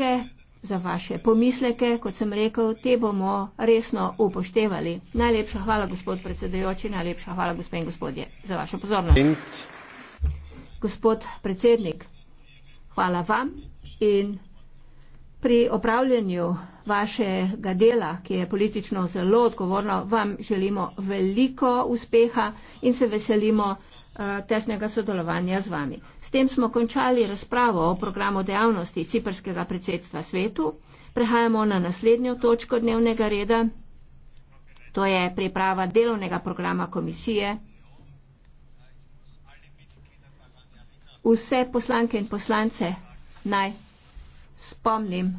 pripombe, za vaše pomisleke, kot sem rekel, te bomo resno upoštevali. Najlepša hvala, gospod predsedujoči, najlepša hvala, gospe in gospodje, za vašo pozornost. Pint. Gospod predsednik, hvala vam in pri opravljanju vašega dela, ki je politično zelo odgovorno, vam želimo veliko uspeha in se veselimo, Eh, tesnega sodelovanja z vami. S tem smo končali razpravo o programu dejavnosti ciperskega predsedstva svetu. Prehajamo na naslednjo točko dnevnega reda. To je priprava delovnega programa komisije. Vse poslanke in poslance naj spomnim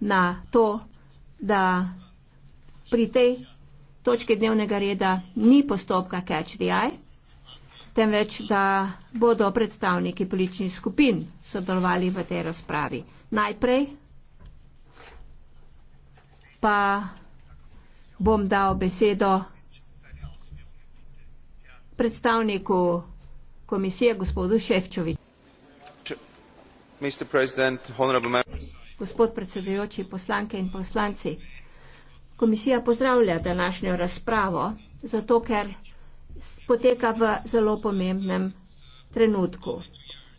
na to, da pri tej točki dnevnega reda ni postopka catch the eye temveč da bodo predstavniki političnih skupin sodelovali v tej razpravi. Najprej pa bom dal besedo predstavniku komisije, gospodu Ševčoviču. Gospod predsedujoči, poslanke in poslanci, komisija pozdravlja današnjo razpravo, zato ker poteka v zelo pomembnem trenutku.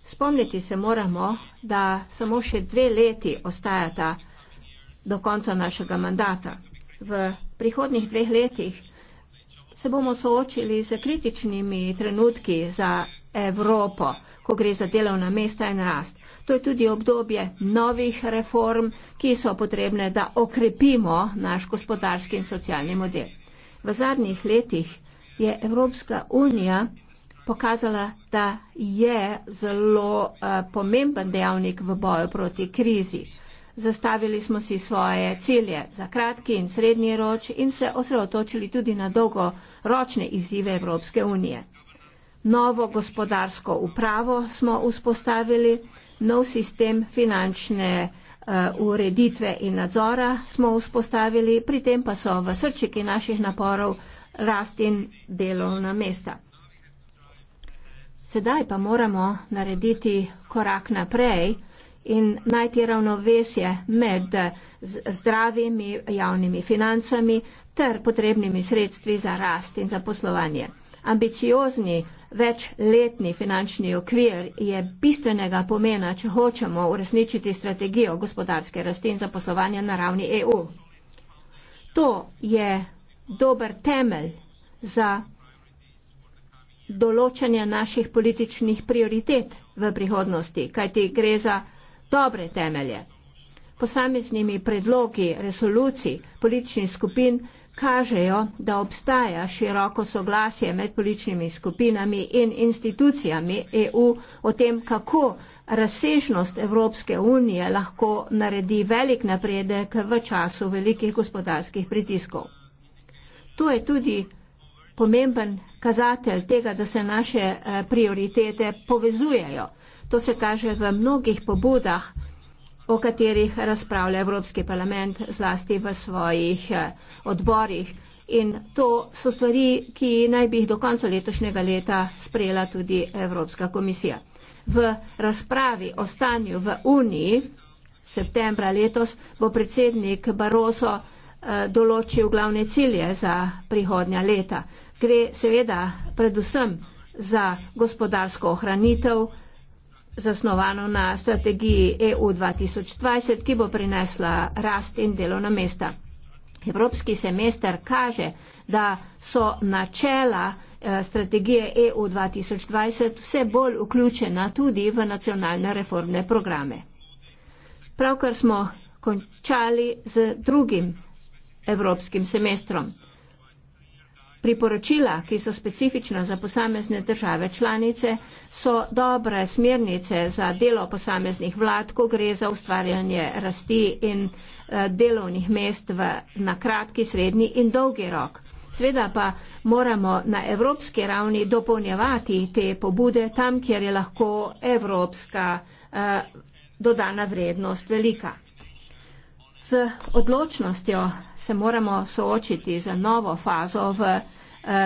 Spomniti se moramo, da samo še dve leti ostajata do konca našega mandata. V prihodnih dveh letih se bomo soočili z kritičnimi trenutki za Evropo, ko gre za delovna mesta in rast. To je tudi obdobje novih reform, ki so potrebne, da okrepimo naš gospodarski in socialni model. V zadnjih letih je Evropska unija pokazala, da je zelo uh, pomemben dejavnik v boju proti krizi. Zastavili smo si svoje cilje za kratki in srednji roč in se osredotočili tudi na dolgoročne izzive Evropske unije. Novo gospodarsko upravo smo vzpostavili, nov sistem finančne uh, ureditve in nadzora smo vzpostavili, pri tem pa so v srčiki naših naporov rast in delovna mesta. Sedaj pa moramo narediti korak naprej in najti ravnovesje med zdravimi javnimi financami ter potrebnimi sredstvi za rast in za poslovanje. Ambiciozni večletni finančni okvir je bistvenega pomena, če hočemo uresničiti strategijo gospodarske rasti in zaposlovanja na ravni EU. To je dober temelj za določanje naših političnih prioritet v prihodnosti, kajti gre za dobre temelje. Posameznimi predlogi resolucij političnih skupin kažejo, da obstaja široko soglasje med političnimi skupinami in institucijami EU o tem, kako razsežnost Evropske unije lahko naredi velik napredek v času velikih gospodarskih pritiskov. To je tudi pomemben kazatelj tega, da se naše eh, prioritete povezujejo. To se kaže v mnogih pobudah, o katerih razpravlja Evropski parlament zlasti v svojih eh, odborih. In to so stvari, ki naj bi jih do konca letošnjega leta sprejela tudi Evropska komisija. V razpravi o stanju v Uniji septembra letos bo predsednik Baroso Eh, določil glavne cilje za prihodnja leta. Gre seveda predvsem za gospodarsko ohranitev, zasnovano na strategiji EU 2020, ki bo prinesla rast in delovna mesta. Evropski semester kaže, da so načela eh, strategije EU 2020 vse bolj vključena tudi v nacionalne reformne programe. Pravkar smo končali z drugim evropskim semestrom. Priporočila, ki so specifična za posamezne države članice, so dobre smernice za delo posameznih vlad, ko gre za ustvarjanje rasti in eh, delovnih mest v, na kratki, srednji in dolgi rok. Sveda pa moramo na evropski ravni dopolnjevati te pobude tam, kjer je lahko evropska eh, dodana vrednost velika. Z odločnostjo se moramo soočiti za novo fazo v eh,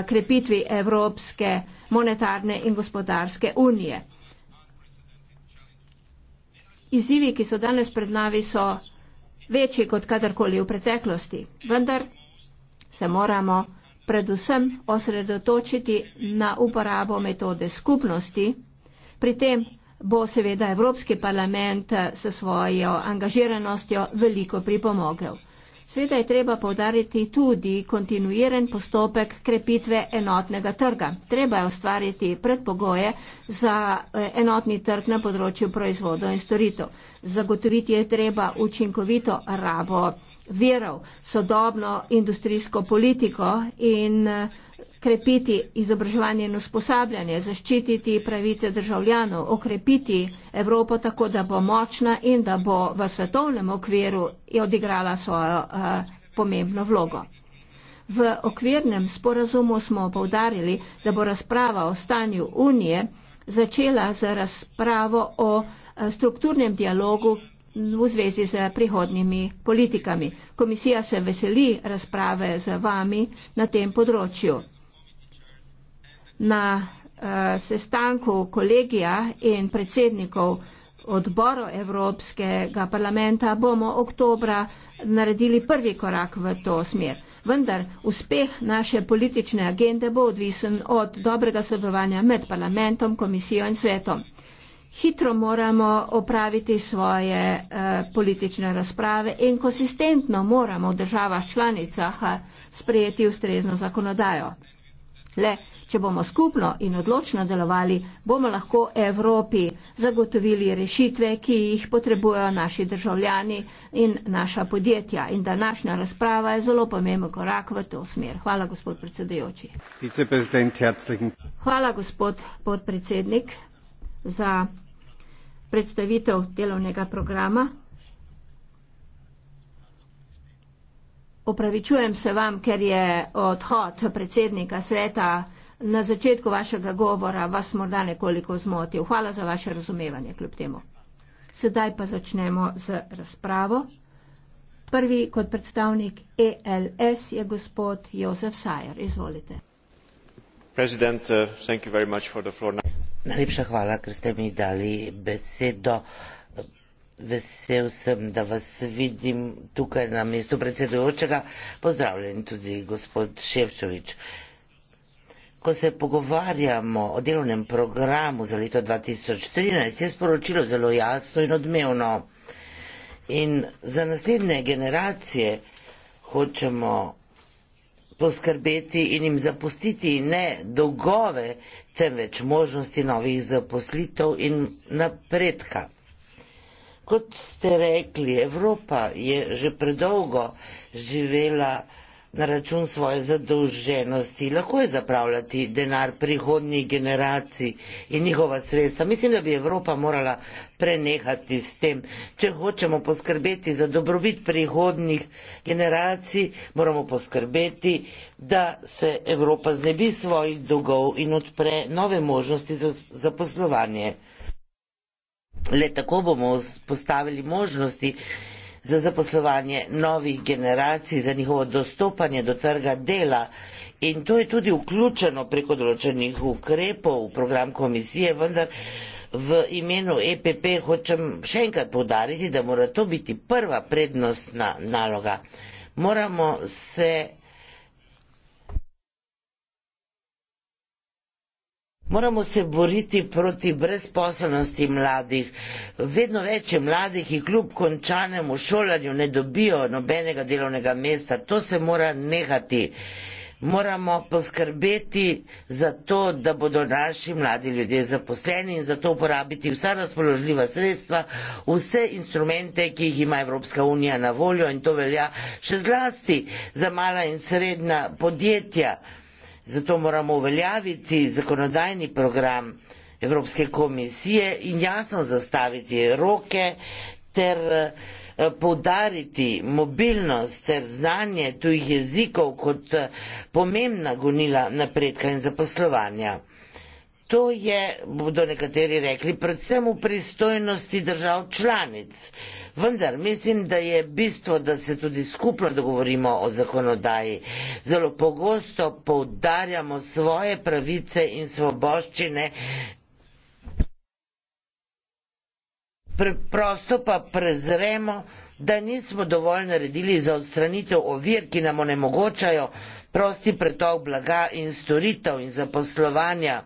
krepitvi Evropske monetarne in gospodarske unije. Izzivi, ki so danes pred nami, so večji kot kadarkoli v preteklosti, vendar se moramo predvsem osredotočiti na uporabo metode skupnosti, pri tem bo seveda Evropski parlament eh, s svojo angažiranostjo veliko pripomogel. Sveda je treba povdariti tudi kontinuiran postopek krepitve enotnega trga. Treba je ustvariti predpogoje za eh, enotni trg na področju proizvodov in storitev. Zagotoviti je treba učinkovito rabo virov, sodobno industrijsko politiko in eh, krepiti izobraževanje in usposabljanje, zaščititi pravice državljanov, okrepiti Evropo tako, da bo močna in da bo v svetovnem okviru odigrala svojo uh, pomembno vlogo. V okvirnem sporazumu smo povdarili, da bo razprava o stanju Unije začela z razpravo o eh, strukturnem dialogu, v zvezi z prihodnimi politikami. Komisija se veseli razprave z vami na tem področju. Na uh, sestanku kolegija in predsednikov odboro Evropskega parlamenta bomo oktobra naredili prvi korak v to smer. Vendar uspeh naše politične agende bo odvisen od dobrega sodelovanja med parlamentom, komisijo in svetom hitro moramo opraviti svoje eh, politične razprave in konsistentno moramo v državah članicah eh, sprejeti ustrezno zakonodajo. Le, če bomo skupno in odločno delovali, bomo lahko Evropi zagotovili rešitve, ki jih potrebujejo naši državljani in naša podjetja. In današnja razprava je zelo pomemben korak v to smer. Hvala, gospod predsedujoči. Hvala, gospod podpredsednik za predstavitev delovnega programa. Opravičujem se vam, ker je odhod predsednika sveta na začetku vašega govora vas morda nekoliko zmotil. Hvala za vaše razumevanje kljub temu. Sedaj pa začnemo z razpravo. Prvi kot predstavnik ELS je gospod Jozef Sajer. Izvolite. President, uh, thank you very much for the floor. Najlepša hvala, ker ste mi dali besedo. Vesel sem, da vas vidim tukaj na mestu predsedujočega. Pozdravljen tudi gospod Ševčovič. Ko se pogovarjamo o delovnem programu za leto 2013, je sporočilo zelo jasno in odmevno. In za naslednje generacije hočemo poskrbeti in jim zapustiti ne dolgove, temveč možnosti novih zaposlitev in napredka. Kot ste rekli, Evropa je že predolgo živela na račun svoje zadolženosti. Lahko je zapravljati denar prihodnjih generacij in njihova sredstva. Mislim, da bi Evropa morala prenehati s tem. Če hočemo poskrbeti za dobrobit prihodnjih generacij, moramo poskrbeti, da se Evropa znebi svojih dolgov in odpre nove možnosti za zaposlovanje. Le tako bomo postavili možnosti za zaposlovanje novih generacij, za njihovo dostopanje do trga dela. In to je tudi vključeno preko določenih ukrepov v program komisije, vendar v imenu EPP hočem še enkrat povdariti, da mora to biti prva prednostna naloga. Moramo se Moramo se boriti proti brezposelnosti mladih. Vedno več je mladih, ki kljub končanemu šolanju ne dobijo nobenega delovnega mesta. To se mora nehati. Moramo poskrbeti za to, da bodo naši mladi ljudje zaposleni in za to uporabiti vsa razpoložljiva sredstva, vse instrumente, ki jih ima Evropska unija na voljo in to velja še zlasti za mala in srednja podjetja. Zato moramo uveljaviti zakonodajni program Evropske komisije in jasno zastaviti roke ter eh, poudariti mobilnost ter znanje tujih jezikov kot eh, pomembna gonila napredka in zaposlovanja. To je, bodo nekateri rekli, predvsem v pristojnosti držav članic. Vendar mislim, da je bistvo, da se tudi skupno dogovorimo o zakonodaji. Zelo pogosto poudarjamo svoje pravice in svoboščine. Preprosto pa prezremo, da nismo dovolj naredili za odstranitev ovir, ki nam onemogočajo prosti pretok blaga in storitev in zaposlovanja.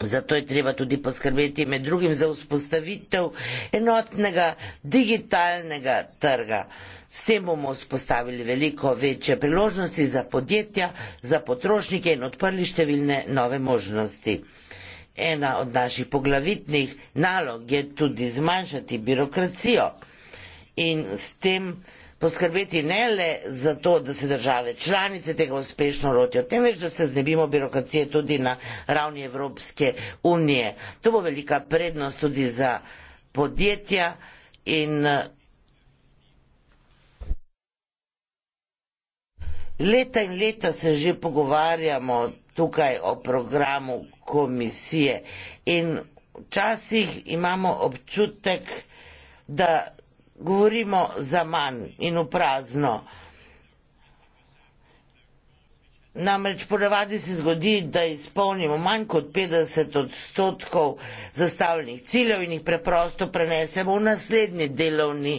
Zato je treba tudi poskrbeti med drugim za vzpostavitev enotnega digitalnega trga. S tem bomo vzpostavili veliko večje priložnosti za podjetja, za potrošnike in odprli številne nove možnosti. Ena od naših poglavitnih nalog je tudi zmanjšati birokracijo in s tem poskrbeti ne le za to, da se države članice tega uspešno lotijo, temveč da se znebimo birokracije tudi na ravni Evropske unije. To bo velika prednost tudi za podjetja in leta in leta se že pogovarjamo tukaj o programu komisije in včasih imamo občutek, da govorimo za manj in v prazno. Namreč ponavadi se zgodi, da izpolnimo manj kot 50 odstotkov zastavljenih ciljev in jih preprosto prenesemo v naslednji delovni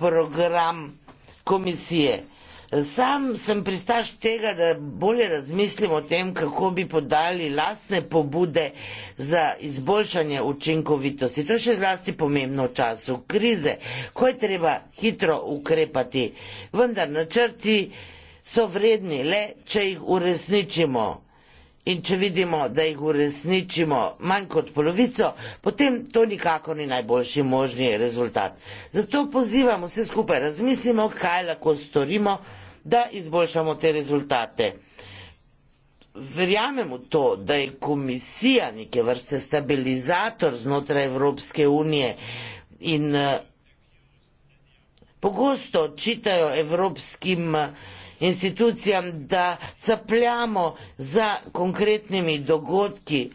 program komisije. Sam sem pristaš tega, da bolje razmislim o tem, kako bi podali lastne pobude za izboljšanje učinkovitosti. To je še zlasti pomembno v času krize, ko je treba hitro ukrepati. Vendar načrti so vredni le, če jih uresničimo. In če vidimo, da jih uresničimo manj kot polovico, potem to nikako ni najboljši možni rezultat. Zato pozivamo vse skupaj, razmislimo, kaj lahko storimo da izboljšamo te rezultate. Verjamemo to, da je komisija neke vrste stabilizator znotraj Evropske unije in eh, pogosto očitajo evropskim eh, institucijam, da capljamo za konkretnimi dogodki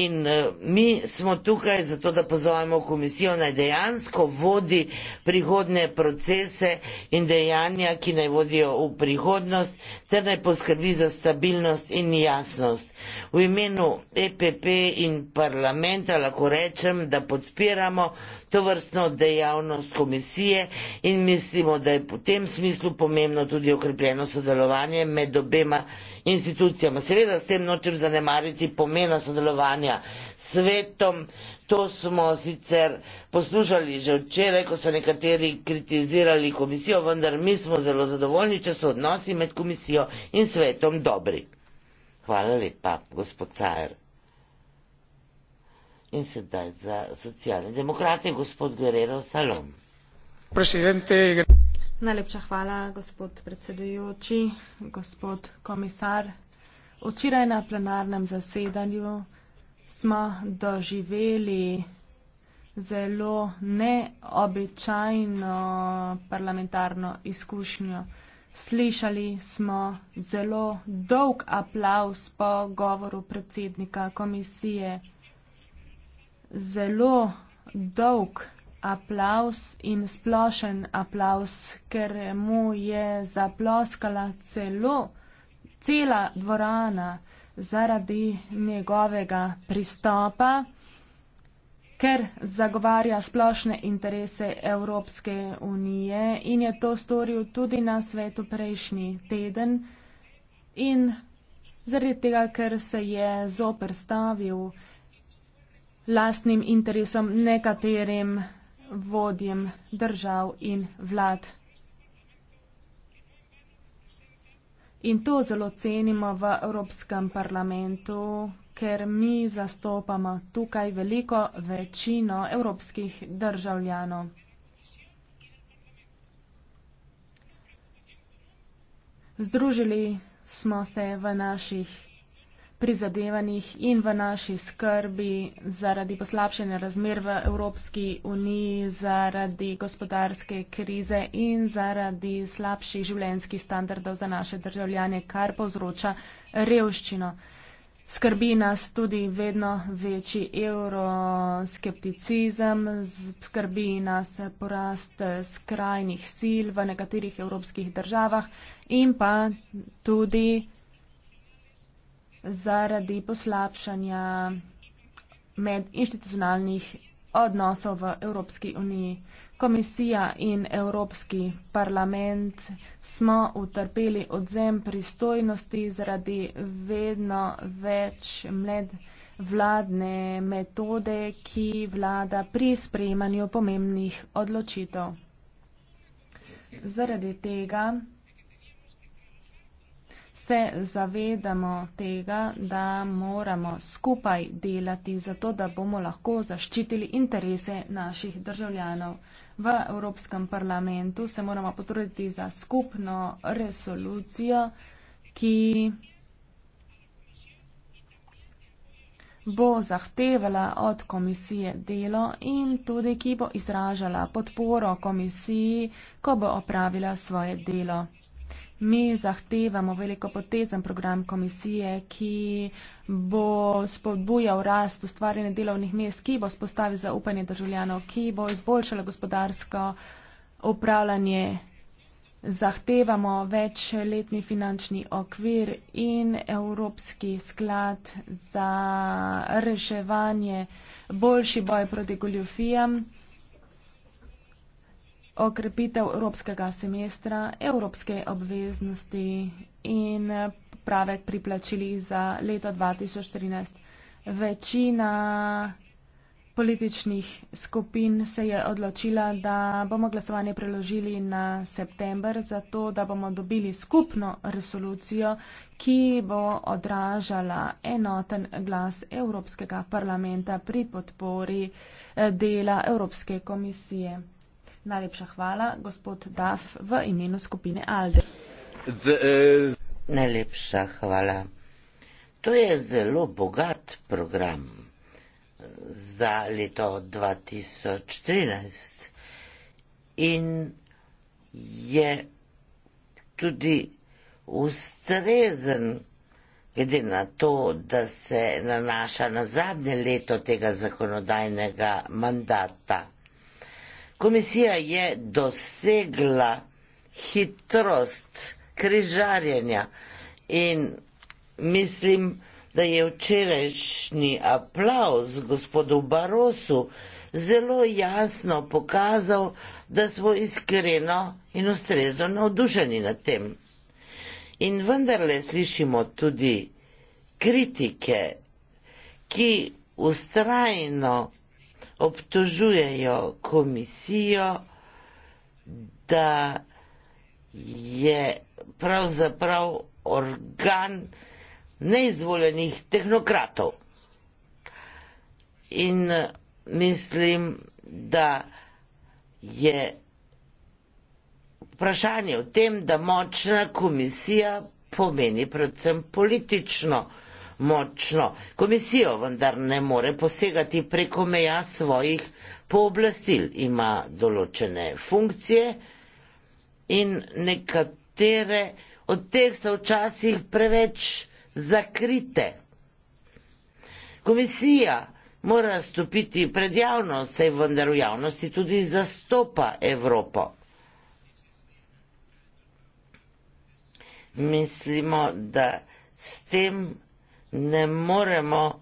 In eh, mi smo tukaj zato, da pozovemo komisijo naj dejansko vodi prihodne procese in dejanja, ki naj vodijo v prihodnost, ter naj poskrbi za stabilnost in jasnost. V imenu EPP in parlamenta lahko rečem, da podpiramo to vrstno dejavnost komisije in mislimo, da je v tem smislu pomembno tudi okrepljeno sodelovanje med obema institucijama. Seveda s tem nočem zanemariti pomena sodelovanja s svetom. To smo sicer poslušali že včeraj, ko so nekateri kritizirali komisijo, vendar mi smo zelo zadovoljni, če so odnosi med komisijo in svetom dobri. Hvala lepa, gospod Cajer. In sedaj za socialne demokrate, gospod Guerrero Salom. Presidente. Najlepša hvala, gospod predsedujoči, gospod komisar. Včeraj na plenarnem zasedanju smo doživeli zelo neobičajno parlamentarno izkušnjo. Slišali smo zelo dolg aplaus po govoru predsednika komisije. Zelo dolg aplavz in splošen aplavz, ker mu je zaploskala celo cela dvorana zaradi njegovega pristopa, ker zagovarja splošne interese Evropske unije in je to storil tudi na svetu prejšnji teden in zaradi tega, ker se je zoperstavil lastnim interesom nekaterim vodjem držav in vlad. In to zelo cenimo v Evropskem parlamentu, ker mi zastopamo tukaj veliko večino evropskih državljanov. Združili smo se v naših prizadevanjih in v naši skrbi zaradi poslabšanja razmer v Evropski uniji, zaradi gospodarske krize in zaradi slabših življenjskih standardov za naše državljanje, kar povzroča revščino. Skrbi nas tudi vedno večji euroskepticizem, skrbi nas porast skrajnih sil v nekaterih evropskih državah in pa tudi zaradi poslabšanja medinstitucionalnih odnosov v Evropski uniji. Komisija in Evropski parlament smo utrpeli odzem pristojnosti zaradi vedno več med vladne metode, ki vlada pri sprejemanju pomembnih odločitev. Zaradi tega se zavedamo tega, da moramo skupaj delati za to, da bomo lahko zaščitili interese naših državljanov. V Evropskem parlamentu se moramo potruditi za skupno resolucijo, ki bo zahtevala od komisije delo in tudi ki bo izražala podporo komisiji, ko bo opravila svoje delo. Mi zahtevamo velikopotezen program komisije, ki bo spodbujal rast ustvarjene delovnih mest, ki bo spostavil zaupanje državljanov, ki bo izboljšala gospodarsko upravljanje. Zahtevamo večletni finančni okvir in Evropski sklad za reševanje boljši boj proti goljofijam okrepitev evropskega semestra, evropske obveznosti in pravek pri plačilih za leto 2013. Večina političnih skupin se je odločila, da bomo glasovanje preložili na september, zato da bomo dobili skupno resolucijo, ki bo odražala enoten glas Evropskega parlamenta pri podpori eh, dela Evropske komisije. Najlepša hvala, gospod Daf, v imenu skupine Alde. The, uh... Najlepša hvala. To je zelo bogat program za leto 2013 in je tudi ustrezen, glede na to, da se nanaša na zadnje leto tega zakonodajnega mandata. Komisija je dosegla hitrost križarjenja in mislim, da je včerajšnji aplauz gospodu Barosu zelo jasno pokazal, da smo iskreno in ustrezno navdušeni nad tem. In vendarle slišimo tudi kritike, ki ustrajno obtožujejo komisijo, da je pravzaprav organ neizvoljenih tehnokratov. In mislim, da je vprašanje o tem, da močna komisija pomeni predvsem politično močno. Komisijo vendar ne more posegati preko meja svojih pooblastil, ima določene funkcije in nekatere od teh so včasih preveč zakrite. Komisija mora stopiti pred javnost, saj vendar v javnosti tudi zastopa Evropo. Mislimo, da s tem ne moremo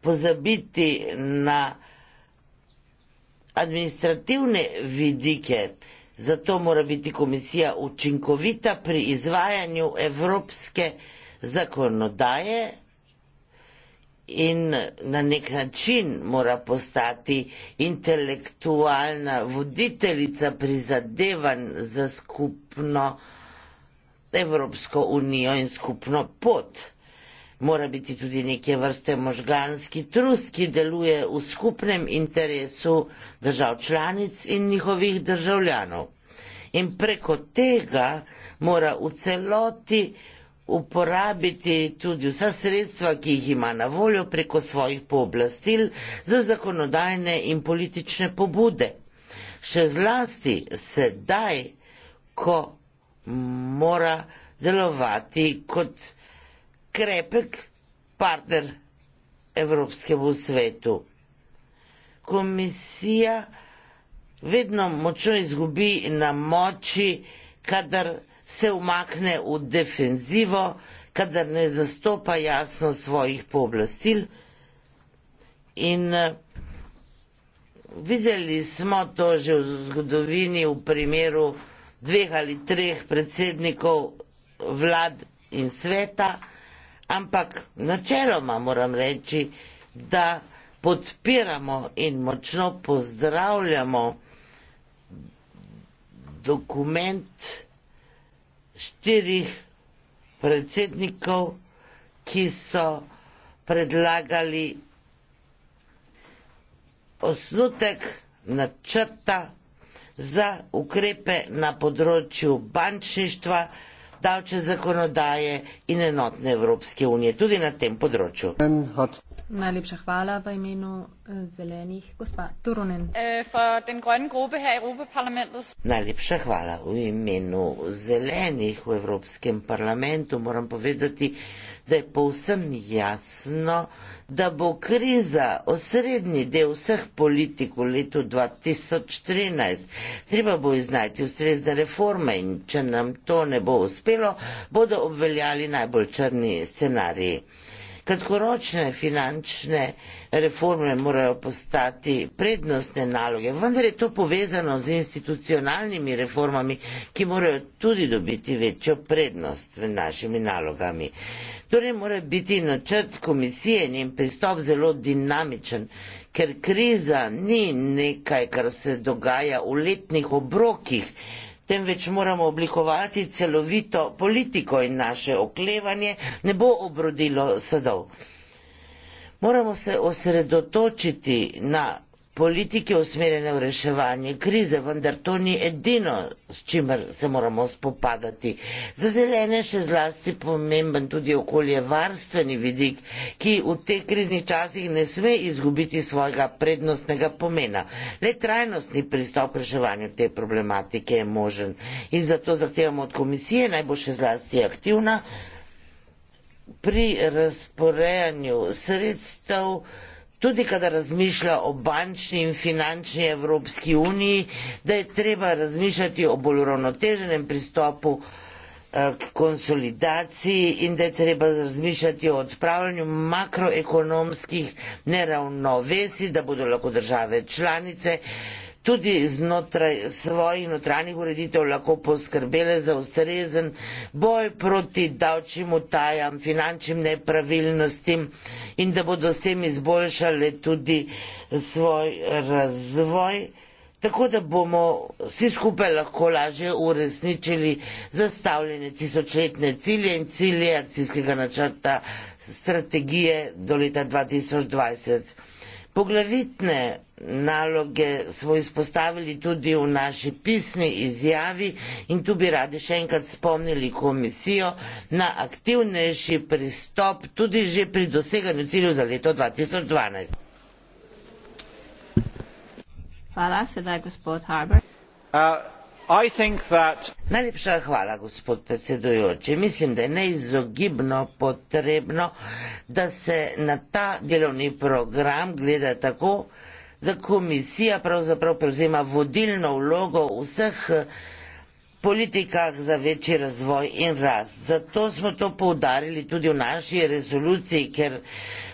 pozabiti na administrativne vidike, zato mora biti komisija učinkovita pri izvajanju evropske zakonodaje in na nek način mora postati intelektualna voditeljica prizadevanj za skupno Evropsko unijo in skupno pot mora biti tudi neke vrste možganski trust, ki deluje v skupnem interesu držav članic in njihovih državljanov. In preko tega mora v celoti uporabiti tudi vsa sredstva, ki jih ima na voljo preko svojih pooblastil za zakonodajne in politične pobude. Še zlasti sedaj, ko mora delovati kot krepek partner Evropskemu svetu. Komisija vedno močno izgubi na moči, kadar se umakne v defenzivo, kadar ne zastopa jasno svojih pooblastil. In eh, videli smo to že v zgodovini v primeru dveh ali treh predsednikov vlad in sveta ampak načeloma moram reči, da podpiramo in močno pozdravljamo dokument štirih predsednikov, ki so predlagali osnutek načrta za ukrepe na področju bančništva, davčne zakonodaje in enotne Evropske unije tudi na tem področju. Najlepša hvala v imenu eh, zelenih, gospa Turunen. Eh, Najlepša hvala v imenu zelenih v Evropskem parlamentu. Moram povedati, da je povsem jasno, da bo kriza osrednji del vseh politik v letu 2013. Treba bo iznajti ustrezne reforme in če nam to ne bo uspelo, bodo obveljali najbolj črni scenariji kratkoročne finančne reforme morajo postati prednostne naloge, vendar je to povezano z institucionalnimi reformami, ki morajo tudi dobiti večjo prednost med našimi nalogami. Torej mora biti načrt komisije in njen pristop zelo dinamičen, ker kriza ni nekaj, kar se dogaja v letnih obrokih, temveč moramo oblikovati celovito politiko in naše oklevanje ne bo obrodilo sadov. Moramo se osredotočiti na politike usmerjene v reševanje krize, vendar to ni edino, s čimer se moramo spopadati. Za zelene še zlasti pomemben tudi okoljevarstveni vidik, ki v teh kriznih časih ne sme izgubiti svojega prednostnega pomena. Le trajnostni pristop k reševanju te problematike je možen in zato zahtevamo od komisije naj bo še zlasti aktivna pri razporejanju sredstev, tudi kada razmišlja o bančni in finančni Evropski uniji, da je treba razmišljati o bolj uravnoteženem pristopu eh, k konsolidaciji in da je treba razmišljati o odpravljanju makroekonomskih neravnovesij, da bodo lahko države članice tudi znotraj svojih notranjih ureditev lahko poskrbele za ustrezen boj proti davčnim utajam, finančnim nepravilnostim in da bodo s tem izboljšale tudi svoj razvoj, tako da bomo vsi skupaj lahko lažje uresničili zastavljene tisočletne cilje in cilje akcijskega načrta strategije do leta 2020. Poglavitne naloge smo izpostavili tudi v naši pisni izjavi in tu bi radi še enkrat spomnili komisijo na aktivnejši pristop tudi že pri doseganju ciljev za leto 2012. Hvala, sedaj gospod Harbert. Uh, Najlepša hvala, gospod predsedujoči. Mislim, da je neizogibno potrebno, da se na ta delovni program gleda tako, da komisija pravzaprav prevzema vodilno vlogo v vseh eh, politikah za večji razvoj in rast. Zato smo to poudarili tudi v naši resoluciji, ker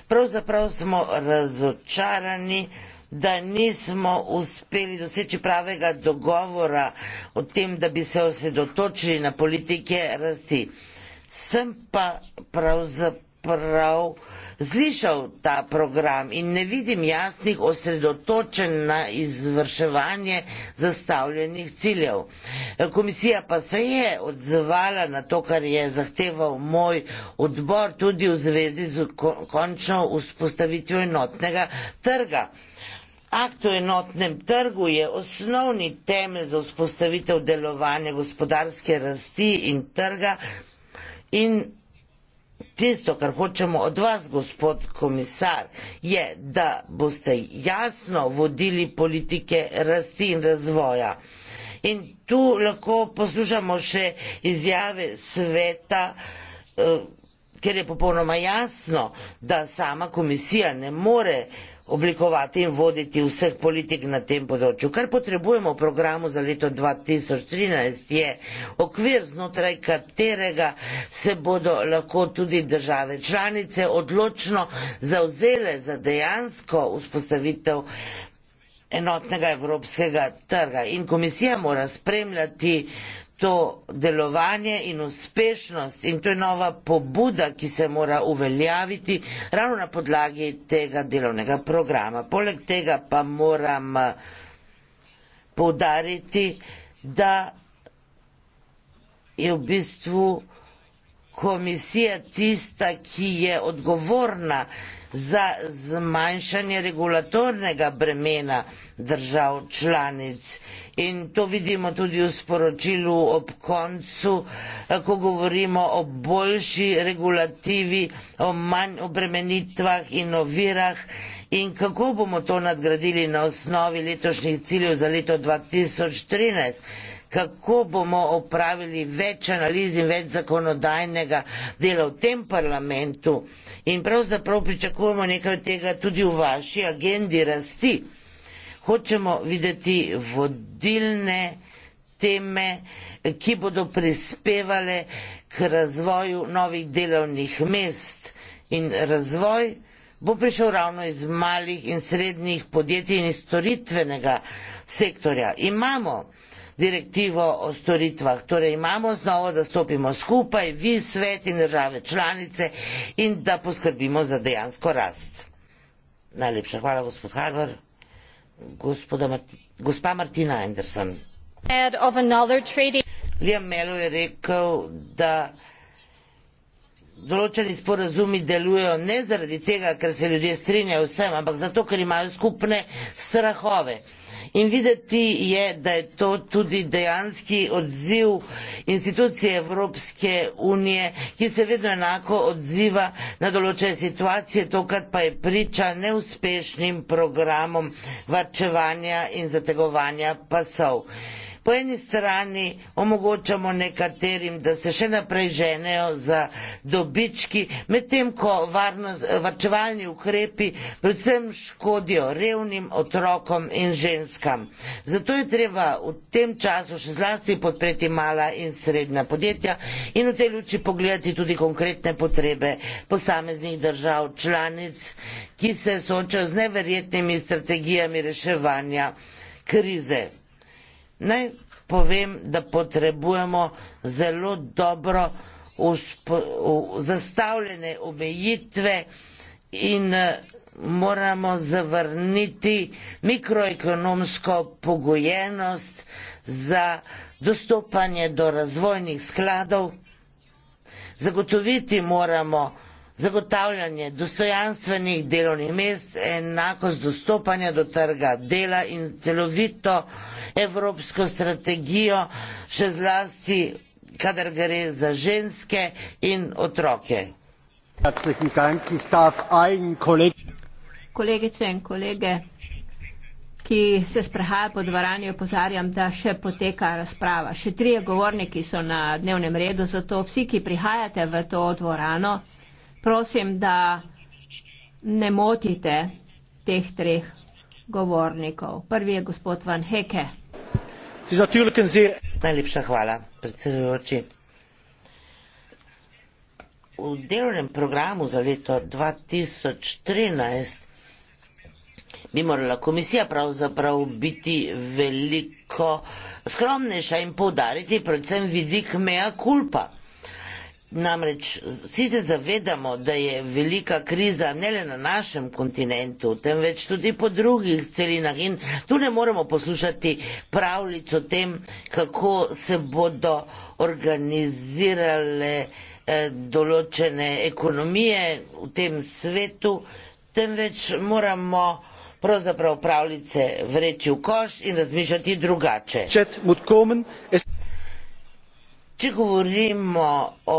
pravzaprav smo razočarani, da da nismo uspeli doseči pravega dogovora o tem, da bi se osredotočili na politike rasti. Sem pa pravzaprav zlišal ta program in ne vidim jasnih osredotočen na izvrševanje zastavljenih ciljev. Komisija pa se je odzvala na to, kar je zahteval moj odbor tudi v zvezi z končno vzpostavitvijo enotnega trga. Akt o enotnem trgu je osnovni temelj za vzpostavitev delovanja gospodarske rasti in trga in tisto, kar hočemo od vas, gospod komisar, je, da boste jasno vodili politike rasti in razvoja. In tu lahko poslušamo še izjave sveta, eh, ker je popolnoma jasno, da sama komisija ne more razvojiti oblikovati in voditi vseh politik na tem področju. Kar potrebujemo v programu za leto 2013 je okvir, znotraj katerega se bodo lahko tudi države članice odločno zauzele za dejansko vzpostavitev enotnega evropskega trga. In komisija mora spremljati to delovanje in uspešnost in to je nova pobuda, ki se mora uveljaviti ravno na podlagi tega delovnega programa. Poleg tega pa moram eh, poudariti, da je v bistvu komisija tista, ki je odgovorna za zmanjšanje regulatornega bremena držav članic. In to vidimo tudi v sporočilu ob koncu, eh, ko govorimo o boljši regulativi, o manj obremenitvah in ovirah. In kako bomo to nadgradili na osnovi letošnjih ciljev za leto 2013? kako bomo opravili več analiz in več zakonodajnega dela v tem parlamentu in pravzaprav pričakujemo nekaj tega tudi v vaši agendi rasti. Hočemo videti vodilne teme, ki bodo prispevale k razvoju novih delovnih mest in razvoj bo prišel ravno iz malih in srednjih podjetij in iz storitvenega sektorja. Imamo direktivo o storitvah. Torej imamo znovo, da stopimo skupaj, vi svet in države članice in da poskrbimo za dejansko rast. Najlepša hvala, gospod Harvar. Marti gospa Martina Anderson. Liam Melo je rekel, da določeni sporazumi delujejo ne zaradi tega, ker se ljudje strinjajo vsem, ampak zato, ker imajo skupne strahove. In videti je, da je to tudi dejanski odziv institucije Evropske unije, ki se vedno enako odziva na določene situacije, tokrat pa je priča neuspešnim programom varčevanja in zategovanja pasov po eni strani omogočamo nekaterim, da se še naprej ženejo za dobički, medtem ko varnost, varčevalni ukrepi predvsem škodijo revnim otrokom in ženskam. Zato je treba v tem času še zlasti podpreti mala in srednja podjetja in v tej luči pogledati tudi konkretne potrebe posameznih držav, članic, ki se soočajo z neverjetnimi strategijami reševanja krize. Naj povem, da potrebujemo zelo dobro zastavljene omejitve in eh, moramo zavrniti mikroekonomsko pogojenost za dostopanje do razvojnih skladov. Zagotoviti moramo zagotavljanje dostojanstvenih delovnih mest, enakost dostopanja do trga dela in celovito evropsko strategijo, še zlasti, kadar gre za ženske in otroke. Kolegice in kolege, ki se sprehaja po dvorani, opozarjam, da še poteka razprava. Še trije govorniki so na dnevnem redu, zato vsi, ki prihajate v to dvorano, prosim, da ne motite teh treh govornikov. Prvi je gospod Van Heke. Najlepša hvala, predsedujoči. V delovnem programu za leto 2013 bi morala komisija pravzaprav biti veliko skromnejša in povdariti predvsem vidik meja kulpa. Namreč vsi se zavedamo, da je velika kriza ne le na našem kontinentu, temveč tudi po drugih celinah in tu ne moremo poslušati pravljic o tem, kako se bodo organizirale eh, določene ekonomije v tem svetu, temveč moramo pravzaprav pravljice vreči v koš in razmišljati drugače. Če govorimo o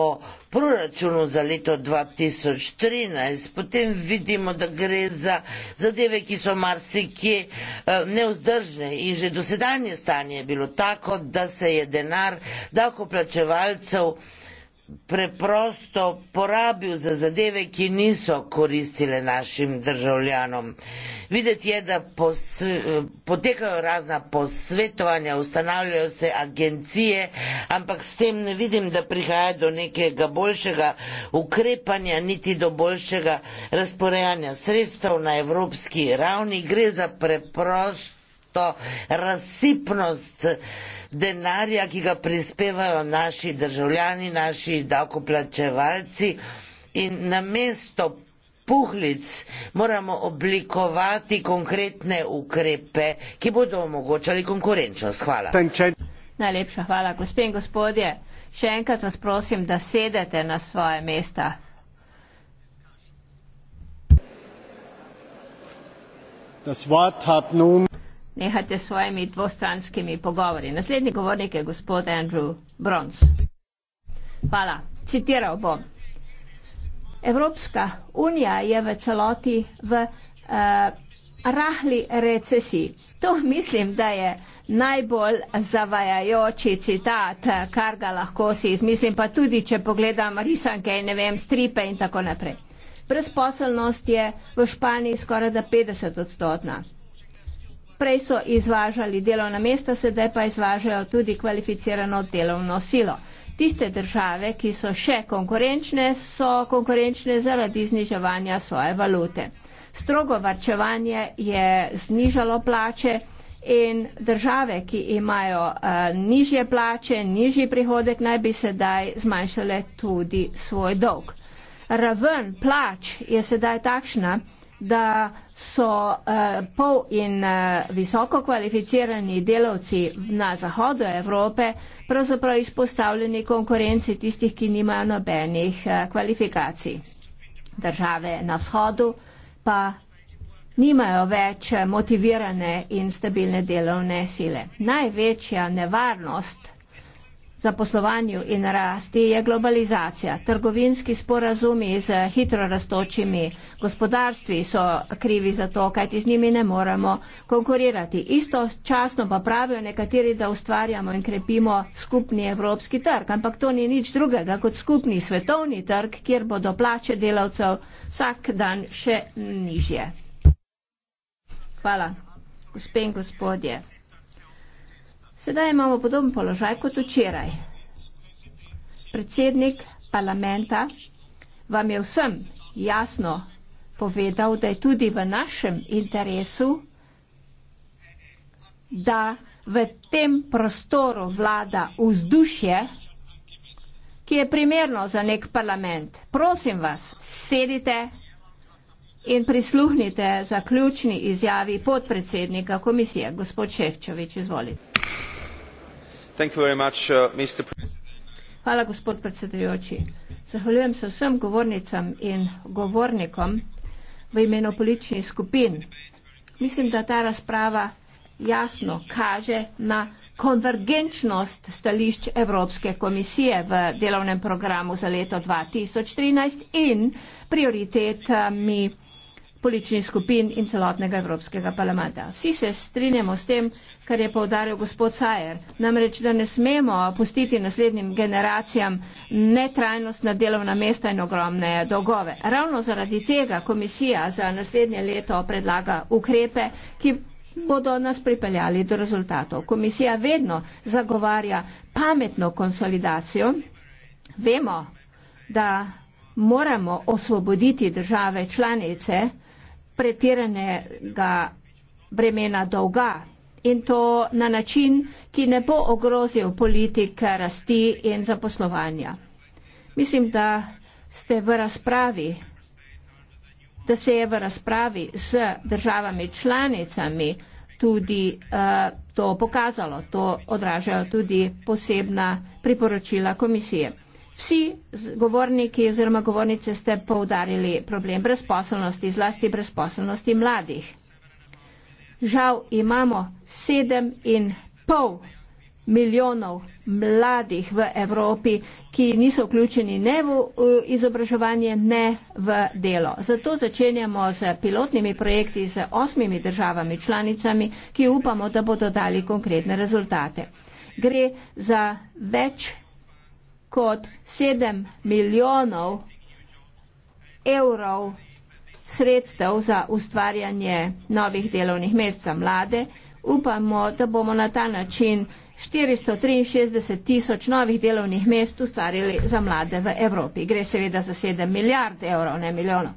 proračunu za leto 2013, potem vidimo, da gre za zadeve, ki so marsikje eh, neuzdržne in že dosedanje stanje je bilo tako, da se je denar davkoplačevalcev preprosto porabil za zadeve, ki niso koristile našim državljanom. Videti je, da potekajo razna posvetovanja, ustanavljajo se agencije, ampak s tem ne vidim, da prihaja do nekega boljšega ukrepanja, niti do boljšega razporejanja sredstev na evropski ravni. Gre za preprosto to razsipnost denarja, ki ga prispevajo naši državljani, naši davkoplačevalci in na mesto puhlic moramo oblikovati konkretne ukrepe, ki bodo omogočali konkurenčnost. Hvala. Najlepša hvala, gospe in gospodje. Še enkrat vas prosim, da sedete na svoje mesta. Das Wort hat nun nehajte s svojimi dvostranskimi pogovori. Naslednji govornik je gospod Andrew Brons. Hvala. Citiral bom. Evropska unija je v celoti v uh, rahli recesiji. To mislim, da je najbolj zavajajoči citat, kar ga lahko si izmislim, pa tudi, če pogledam risanke in ne vem, stripe in tako naprej. Brezposelnost je v Španiji skoraj da 50 odstotna prej so izvažali delovna mesta, sedaj pa izvažajo tudi kvalificirano delovno silo. Tiste države, ki so še konkurenčne, so konkurenčne zaradi zniževanja svoje valute. Strogo varčevanje je znižalo plače in države, ki imajo uh, nižje plače, nižji prihodek, naj bi sedaj zmanjšale tudi svoj dolg. Raven plač je sedaj takšna, da so eh, pol in eh, visoko kvalificirani delavci na zahodu Evrope pravzaprav izpostavljeni konkurenci tistih, ki nimajo nobenih eh, kvalifikacij. Države na vzhodu pa nimajo več eh, motivirane in stabilne delovne sile. Največja nevarnost zaposlovanju in rasti je globalizacija. Trgovinski sporazumi z hitro raztočimi gospodarstvi so krivi za to, kajti z njimi ne moremo konkurirati. Istočasno pa pravijo nekateri, da ustvarjamo in krepimo skupni evropski trg, ampak to ni nič drugega kot skupni svetovni trg, kjer bodo plače delavcev vsak dan še nižje. Hvala. Gospe in gospodje. Sedaj imamo podoben položaj kot včeraj. Predsednik parlamenta vam je vsem jasno povedal, da je tudi v našem interesu, da v tem prostoru vlada vzdušje, ki je primerno za nek parlament. Prosim vas, sedite in prisluhnite zaključni izjavi podpredsednika komisije. Gospod Ševčovič, izvolite. Uh, Hvala, gospod predsedujoči. Zahvaljujem se vsem govornicam in govornikom v imenu političnih skupin. Mislim, da ta razprava jasno kaže na konvergenčnost stališč Evropske komisije v delovnem programu za leto 2013 in prioritetami. Um, političnih skupin in celotnega Evropskega parlamenta. Vsi se strinjamo s tem, kar je povdaril gospod Sajer, namreč, da ne smemo pustiti naslednjim generacijam netrajnost na delovna mesta in ogromne dolgove. Ravno zaradi tega komisija za naslednje leto predlaga ukrepe, ki bodo nas pripeljali do rezultatov. Komisija vedno zagovarja pametno konsolidacijo. Vemo, da moramo osvoboditi države članice, pretiranega bremena dolga in to na način, ki ne bo ogrozil politik rasti in zaposlovanja. Mislim, da ste v razpravi, da se je v razpravi z državami članicami tudi uh, to pokazalo. To odražajo tudi posebna priporočila komisije. Vsi govorniki oziroma govornice ste poudarili problem brezposelnosti, zlasti brezposelnosti mladih. Žal imamo sedem in pol milijonov mladih v Evropi, ki niso vključeni ne v eh, izobraževanje, ne v delo. Zato začenjamo z pilotnimi projekti z osmimi državami članicami, ki upamo, da bodo dali konkretne rezultate. Gre za več kot 7 milijonov evrov sredstev za ustvarjanje novih delovnih mest za mlade. Upamo, da bomo na ta način 463 tisoč novih delovnih mest ustvarili za mlade v Evropi. Gre seveda za 7 milijard evrov, ne milijonov.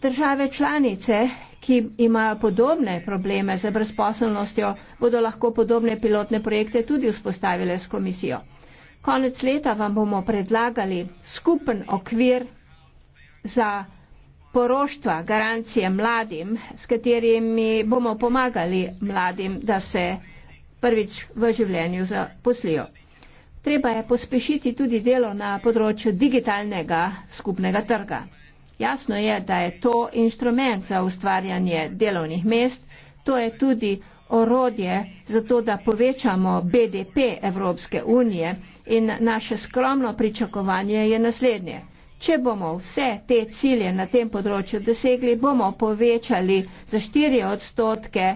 Države članice ki imajo podobne probleme z brezposobnostjo, bodo lahko podobne pilotne projekte tudi vzpostavile s komisijo. Konec leta vam bomo predlagali skupen okvir za poroštva, garancije mladim, s katerimi bomo pomagali mladim, da se prvič v življenju zaposlijo. Treba je pospešiti tudi delo na področju digitalnega skupnega trga. Jasno je, da je to inštrument za ustvarjanje delovnih mest, to je tudi orodje za to, da povečamo BDP Evropske unije in naše skromno pričakovanje je naslednje. Če bomo vse te cilje na tem področju dosegli, bomo povečali za 4 odstotke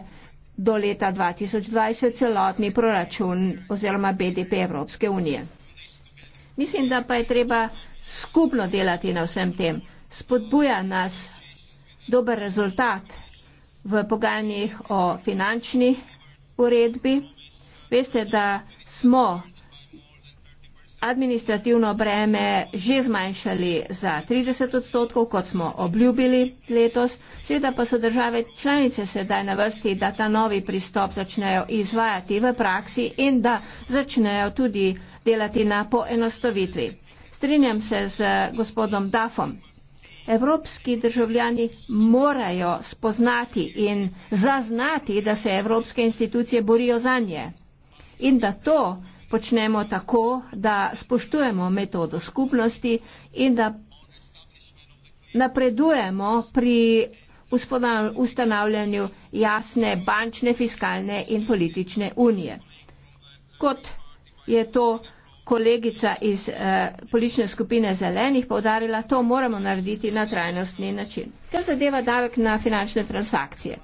do leta 2020 celotni proračun oziroma BDP Evropske unije. Mislim, da pa je treba skupno delati na vsem tem spodbuja nas dober rezultat v pogajanjih o finančni uredbi. Veste, da smo administrativno breme že zmanjšali za 30 odstotkov, kot smo obljubili letos. Seveda pa so države članice sedaj na vrsti, da ta novi pristop začnejo izvajati v praksi in da začnejo tudi delati na poenostavitvi. Strinjam se z gospodom Dafom evropski državljani morajo spoznati in zaznati, da se evropske institucije borijo za nje. In da to počnemo tako, da spoštujemo metodo skupnosti in da napredujemo pri ustanavljanju jasne bančne, fiskalne in politične unije. Kot je to kolegica iz eh, politične skupine zelenih povdarila, to moramo narediti na trajnostni način. Kar zadeva davek na finančne transakcije.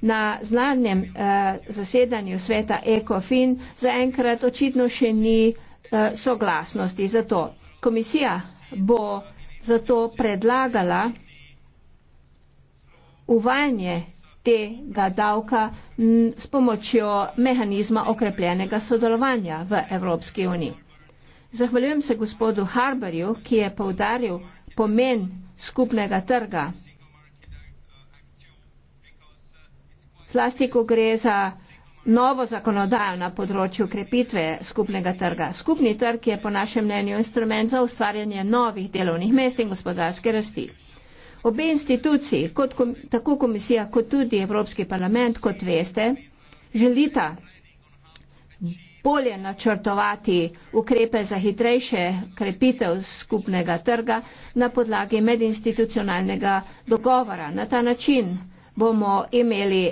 Na zadnjem eh, zasedanju sveta ECOFIN zaenkrat očitno še ni eh, soglasnosti za to. Komisija bo zato predlagala uvajanje tega davka s pomočjo mehanizma okrepljenega sodelovanja v Evropski uniji. Zahvaljujem se gospodu Harbarju, ki je povdaril pomen skupnega trga. Zlasti, ko gre za novo zakonodajo na področju krepitve skupnega trga. Skupni trg je po našem mnenju instrument za ustvarjanje novih delovnih mest in gospodarske rasti. Obe instituciji, kot, tako komisija kot tudi Evropski parlament, kot veste, želita bolje načrtovati ukrepe za hitrejše krepitev skupnega trga na podlagi medinstitucionalnega dogovora. Na ta način bomo imeli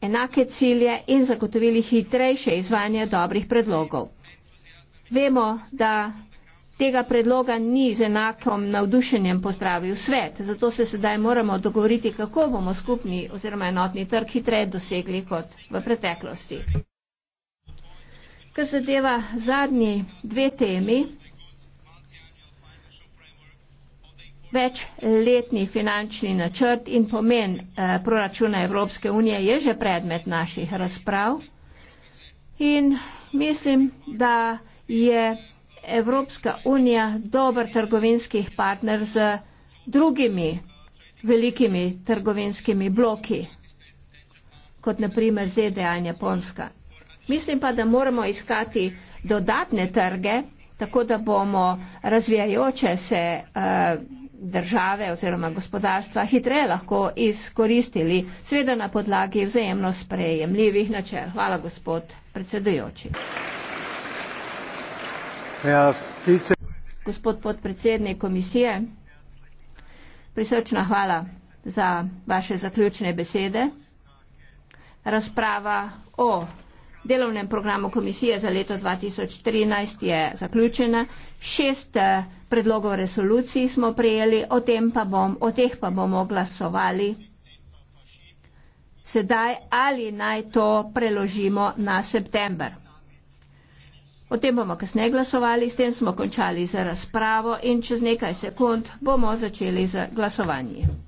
enake cilje in zagotovili hitrejše izvajanje dobrih predlogov. Vemo, da tega predloga ni z enakom navdušenjem pozdravil svet. Zato se sedaj moramo dogovoriti, kako bomo skupni oziroma enotni trg hitreje dosegli kot v preteklosti. Kar zadeva zadnji dve temi, večletni finančni načrt in pomen eh, proračuna Evropske unije je že predmet naših razprav. In mislim, da je Evropska unija dober trgovinski partner z drugimi velikimi trgovinskimi bloki, kot naprimer ZDA in Japonska. Mislim pa, da moramo iskati dodatne trge, tako da bomo razvijajoče se eh, države oziroma gospodarstva hitreje lahko izkoristili, sveda na podlagi vzajemno sprejemljivih načel. Hvala, gospod predsedujoči. Ja, Gospod podpredsednik komisije, prisrčna hvala za vaše zaključne besede. Razprava o delovnem programu komisije za leto 2013 je zaključena. Šest eh, predlogov resolucij smo prejeli, o, tem pa bom, o teh pa bomo glasovali. Sedaj ali naj to preložimo na september. O tem bomo kasneje glasovali, s tem smo končali za razpravo in čez nekaj sekund bomo začeli z glasovanjem.